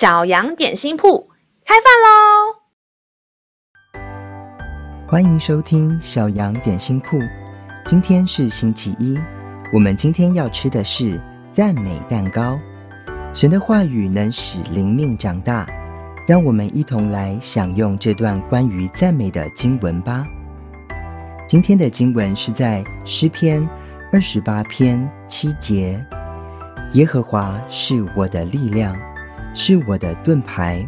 小羊點心鋪開飯嘍！歡迎收聽小羊點心鋪。今天是星期一，我們今天要吃的是讚美蛋糕。神的話語能使靈命長大，讓我們一同來享用這段關於讚美的經文吧。今天的經文是在詩篇二十八篇七節：“耶和華是我的力量。”是我的盾牌，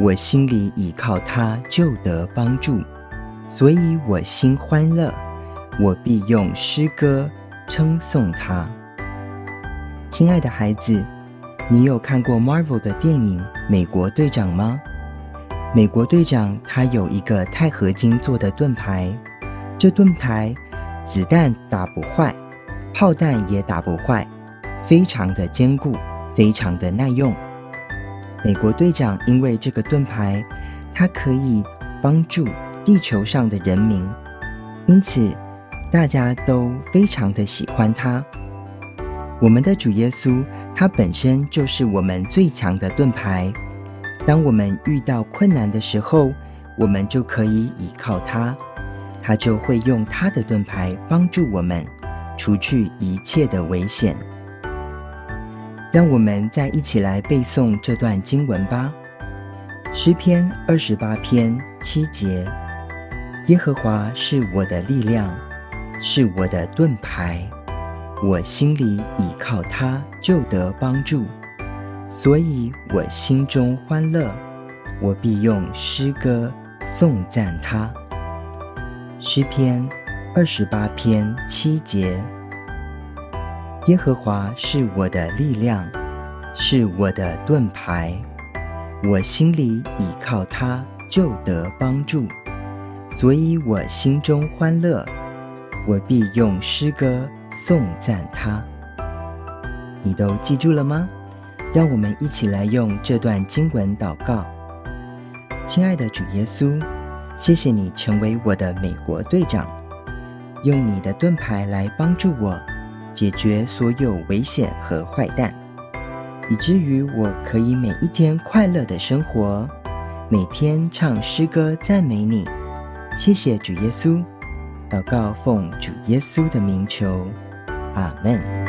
我心裡倚靠他就得幫助，所以我心歡樂，我必用詩歌稱頌他。親愛的孩子，你有看過 Marvel 的電影《美國隊長》嗎？美國隊長他有一個鈦合金做的盾牌，這盾牌子彈打不壞，炮彈也打不壞，非常的堅固，非常的耐用。美國隊長因為這個盾牌，他可以幫助地球上的人民，因此大家都非常的喜歡他。我們的主耶穌，他本身就是我們最強的盾牌。當我們遇到困難的時候，我們就可以依靠他，他就會用他的盾牌幫助我們，除去一切的危險。讓我們再一起來背誦這段經文吧，《詩篇》二十八篇七節：耶和華是我的力量，是我的盾牌，我心裡倚靠他，就得幫助。所以我心中歡樂，我必用詩歌頌讚他。《詩篇》二十八篇七節。耶和華是我的力量，是我的盾牌，我心裡倚靠他，就得幫助。所以我心中歡樂，我必用詩歌頌讚他。你都記住了嗎？讓我們一起來用這段經文禱告。親愛的主耶穌，謝謝你成為我的美國隊長，用你的盾牌來幫助我。解決所有危險和壞蛋，以至於我可以每一天快樂的生活，每天唱詩歌讚美你。謝謝主耶穌，禱告奉主耶穌的名求，阿門。